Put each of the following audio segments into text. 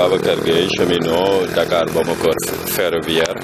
Babacar Gueye cheminot Dakar Bamako ferroviaire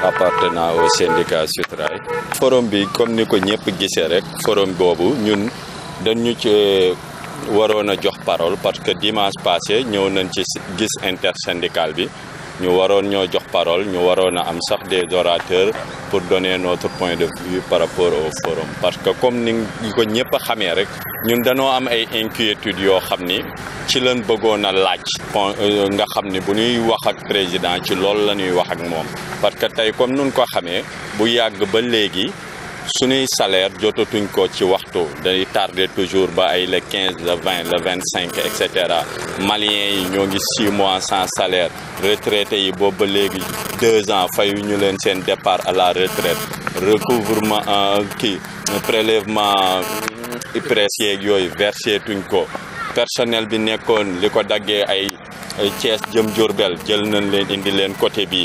appartenant au syndicat Sutrail forum bi comme ni ko ñëpp gisee rek forum boobu ñun dañu ci waroon a jox parole parce que dimanche passé ñëw nañ ci gis intersyndical bi ñu waroon ñoo jox parole ñu waroon a am sax des orateurs pour donner notre point de vue par rapport au forum parce que comme ni ko ñëpp a xamee rek ñun dañoo am ay inquiétudes yoo xam ni ci lañ bëggoon a laaj euh, nga xam ni bu ñuy wax ak président ci loolu la ñuy wax ak moom parce que tey comme nun ko xamee bu yàgg ba léegi Suni salaire jototuñ ko ci waxtu dañuy tarder toujours ba ay le 15 le 20 le 25 etc. malien yi ñoo ngi 6 mois sans salaire retraité yi bobu légui 2 ans fayu ñu leen sen départ à la retraite recouvrement qui euh, prélèvement hypercié ak yoy versé tuñ ko personnel bi nekkoon li ko ay thiès jëm jurbel jël nañ leen indi leen côté bi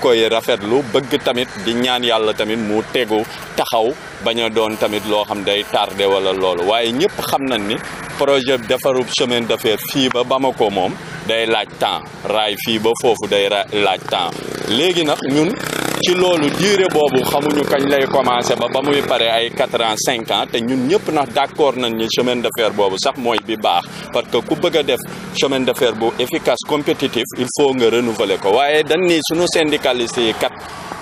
koy rafetlu bëgg tamit di ñaan yàlla tamit mu tegu taxaw bañ a doon tamit loo xam day tardé wala loolu waaye ñëpp xam nañ ni projet defarub semaine de fer fii ba ko moom day laaj temps raay fii ba foofu day laaj temps léegi nag ñun ci loolu durée boobu xamuñu kañ lay commencé ba ba muy pare ay quatre ans cinq ans te ñun ñëpp nax d'accord nañ ni chemin de fer boobu sax mooy bi baax parce que ku bëgg a def chemin de fer bu efficace compétitif il faut nga renouveler ko waaye dañ ni suñu syndicaliste yi kat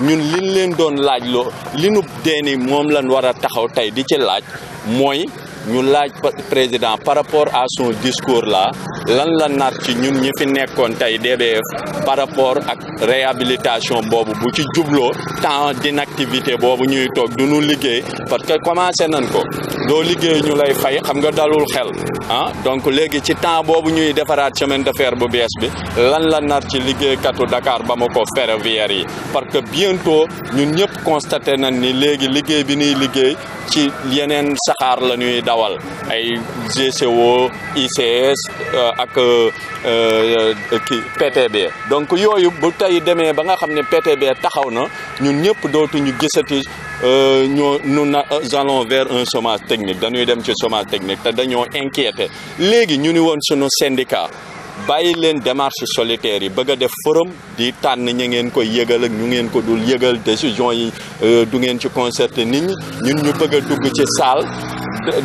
ñun liñ leen doon laaj loo li nu deeni moom lañ war a taxaw tey di ci laaj mooy ñu laaj président par rapport à son discours la lan la nar ci ñun ñi fi nekkoon tey DBF par rapport ak réhabilitation boobu bu ci jubloo temps d'inactivité boobu ñuy toog du ñu liggéey parce que commencé nañ ko doo liggéey ñu lay fay xam nga dalul xel ah donc léegi ci temps boobu ñuy defaraat semaine de fer bu bees bi lan la nar ci liggéeykatu Dakar Bamako ferroviaire yi parce que bientôt ñun ñëpp constaté nañ ni léegi liggéey bi ñuy liggéey ci yeneen saxaar dawal ay GCO ICS euh, ak euh, kii PTB donc yooyu bu tey demee ba nga xam ne PTB taxaw na ñun ñëpp dootuñu gisati euh, nu na allons vers un chômage technique dañuy dem ci chômage technique te dañoo inquiété léegi ñu ni woon sunu syndicat bàyyi leen démarche solitaire yi bëgg a def forum di tànn ñu ngeen koy yëgal ak ñu ngeen ko dul yëgal décision yi du ngeen ci concerté nit ñi ñun ñu bëgg dugg ci salle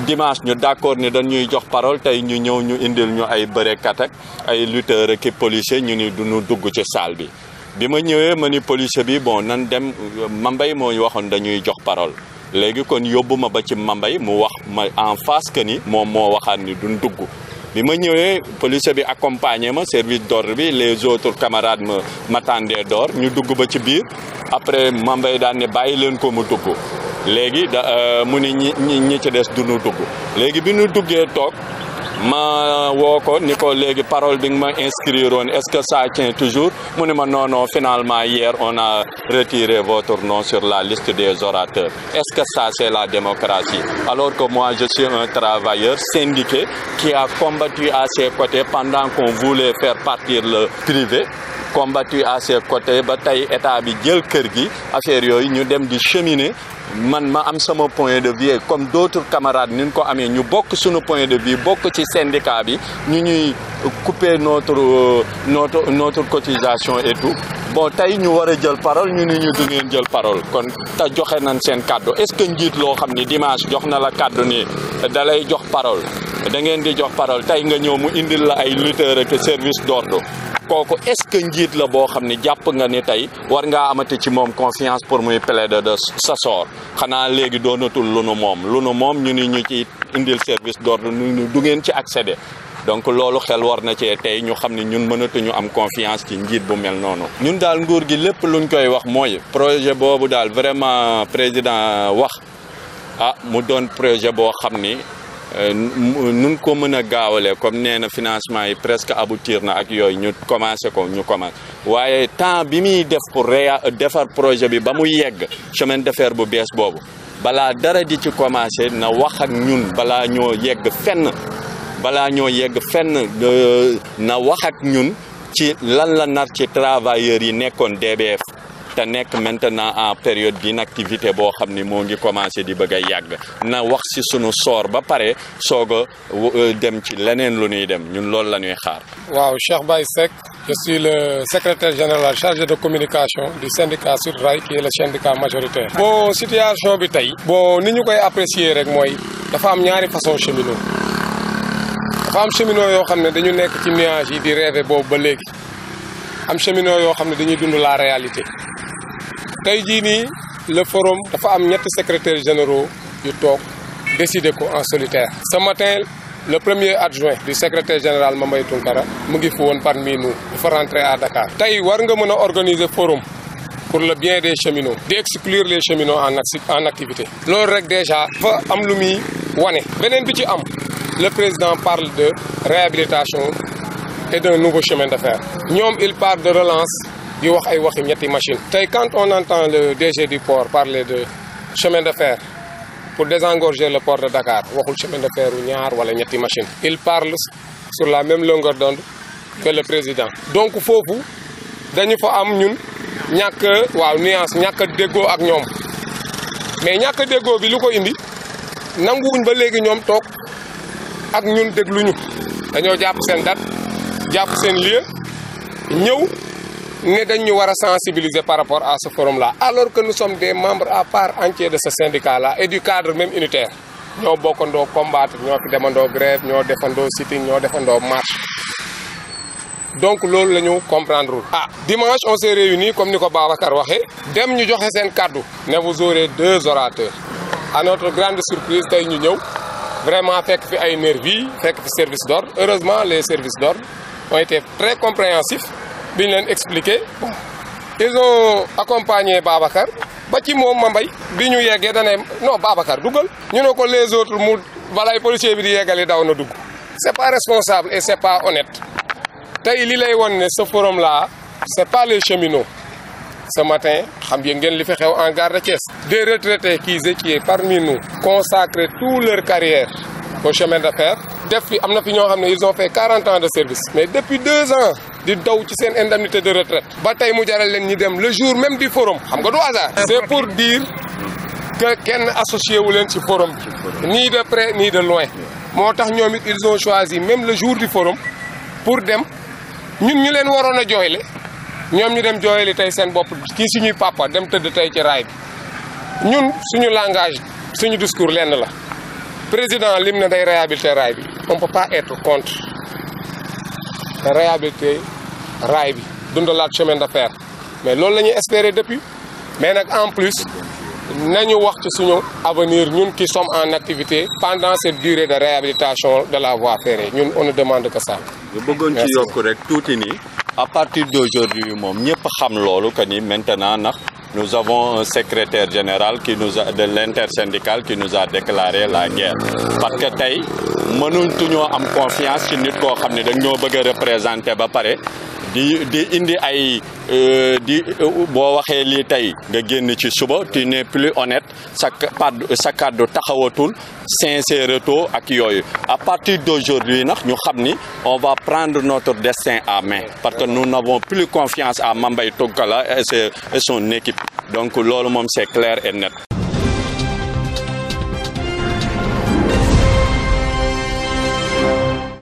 dimanche ñu d'accord ni dañuy jox parole tey ñu ñëw ñu indil ñu ay bërekat ak ay lutteur ak policier ñu ni duñu dugg ci salle bi bi ma ñëwee ma ni policier bi bon nan dem mambay mooy waxoon dañuy jox parole léegi kon yóbbu ma ba ci mambay mu wax ma en face que ni moom moo waxaat ni duñ dugg bi ma ñëwee policier bi accompagné ma service d'ordre bi les autres camarades ma m'attendaient dehors ñu dugg ba ci biir après mambay daan ne bàyyi leen ko mu dugg léegi da euh, mu ni ñi ñi ñi ci des du ñu dugg léegi bi ñu duggee toog ma woo ko ni ko léegi parole bi nga ma inscrire woon est-ce que ça tient toujours mu ne ma non non finalement hier on a Retirer votre nom sur la liste des orateurs. Est-ce que ça, c'est la démocratie Alors que moi, je suis un travailleur syndiqué qui a combattu à ses côtés pendant qu'on voulait faire partir le privé. combattu à ses côtés Bataille établi, état bi à affaire nous dem di cheminer man point de vue comme d'autres camarades nous avons beaucoup de ñu de vue beaucoup ci syndicat bi couper euh, notre notre cotisation et tout bon tey ñu war a jël parole ñu ni ñu du ngeen jël parole kon te joxe nañ seen kàddu est ce que njiit loo xam ni dimanche jox na la kàddu ni da jox parole da ngeen di jox parole Tay nga ñëw mu indil la ay lutteur ak service d'ordre kooku est ce que lo la boo xam ni jàpp nga ni tey war ngaa amati ci moom confiance pour muy plaider de sa sort xanaa léegi doonatul lu nu moom lu nu moom ñu ni ñu ci indil service d'ordre ñu du ngeen ci accéder donc loolu xel war na cee tey ñu xam ne ñun mënatuñu am confiance ci njiit bu mel noonu. ñun daal nguur gi lépp luñ koy wax mooy projet boobu daal vraiment président wax ah mu doon projet boo xam ni euh, nun ko mën a gaawalee comme nee na financement yi presque aboutir na ak yooyu ñu commencé ko ñu commencé waaye temps bi muy def pour réa defar projet bi ba mu yegg chemin de fer bu bees boobu balaa dara di ci commencé na wax ak ñun balaa ñoo yegg fenn. balaa ñoo yegg fenn euh, na wax ak ñun ci lan la nar ci travailleurs yi nekkoon DBF te nekk maintenant en période d'inactivité boo xam ni moo ngi commencé di bëgg a yàgg na wax si sunu soor ba pare soog a euh, dem ci leneen lu nuy dem ñun loolu la ñuy xaar. waaw Cheikh Baye Seck je suis le secretaire général chargé de communication du syndicat SUTRAI qui est le syndicat majoritaire. bon situation bi tey. bon ni ñu koy apprécier rek mooy dafa am ñaari façon cheminot. Les am cheminot yoo xam dañu nek ci nuage yi di rêver boobu ba légui am cheminot yo xam dañuy dund la réalité tey le forum dafa am ñet secrétaires généraux yu tok décider ko en solitaire. ce matin le premier adjoint du secrétaire général Mamay Tunkara mu ngi fu won parmi nous faut rentrer à Dakar. tay war nga mëna organiser forum pour le bien des cheminots. d'exclure les cheminots en en activité. lool rek déjà. fa am lu mi wane. benen bi ci am le président parle de réhabilitation et d'un nouveau chemin d'affaires. il parle de relance di wax ay machine quand on entend le DG du port parler de chemin de fer pour désengorger le port de Dakar waxul chemin de fer ñaar wala ñetti machine il parle sur la même longueur d'onde que le président donc il faut que am ñun une nuance une dégo ak Mais mais ñàkk a déggoo bi lu ko indi nanguwuñ ba ak ñun dégluñu dañoo japp seen date japp seen lieu ñew ne dañ ñu sensibiliser par rapport à ce forum là alors que nous sommes des membres à part entière de ce syndicat là et du cadre même unitaire ñoo bokkando combattre ñoo fi demando grève ñoo defandoo sitting ñoo defandoo marche donc loolu lañu ñu comprendre ah dimanche on s'est réunis comme nous ko Babacar waxee dem ñu joxe sen kàddu ne vous aurez deux orateurs à notre grande surprise tay ñu ñew vraiment avec fi ay nervis fekk fi service d'ordre heureusement les services d'ordre ont été très compréhensifs bi leen expliqué ils ont accompagné Babacar ba ci mom ma bay biñu yeggé yeggee non Babacar duggal ñu ko les autres mu balay policier bi di yeggali daw na dugg c'est pas responsable et c'est pas honnête tay li lay won ne ce forum là c'est pas les cheminots ce matin, en gare de Thiès. Des retraités qui, qui parmi nous consacrent toute leur carrière au chemin de fer. Ils ont fait 40 ans de service. Mais depuis deux ans, di daw ci seen indemnité de retraite ba tay mu jaral leen ñi dem le jour même du forum xam nga du c'est pour dire que kenn associé wu leen ci forum ni de près ni de loin moo tax ils ont choisi même le jour du forum pour dem ñun ñu leen waroon a ñoom ñu dem jooyali tey seen bopp kii suñuy papa dem tëdd tey ci raay bi ñun suñu langage suñu discours lenn la président lim ne day réhabiliter raay bi on peut pas être contre réhabiliter raay bi dundalaat chemin de fer mais loolu la ñuy espérer depuis mais nag en plus nañu wax ci suñu avenir ñun qui som en activité pendant cette durée de réhabilitation de la voie ferrée ñun on ne demande que ça. nga bëggoon ci yokk rek tuuti nii. à partir d'aujourd'hui maintenant nous avons un secrétaire général qui nous de l'intersyndicale qui nous a déclaré la guerre parce que nous, nous confiance que nous koo nous représenter di indi ay euh, di euh, tu n'es plus honnête sa kàddu sa taxawatul sincère to ak à partir d'aujourd'hui nous ñu on va prendre notre destin à main parce que nous n'avons plus confiance à Mambay Togala et son équipe donc lolu mom c'est clair et net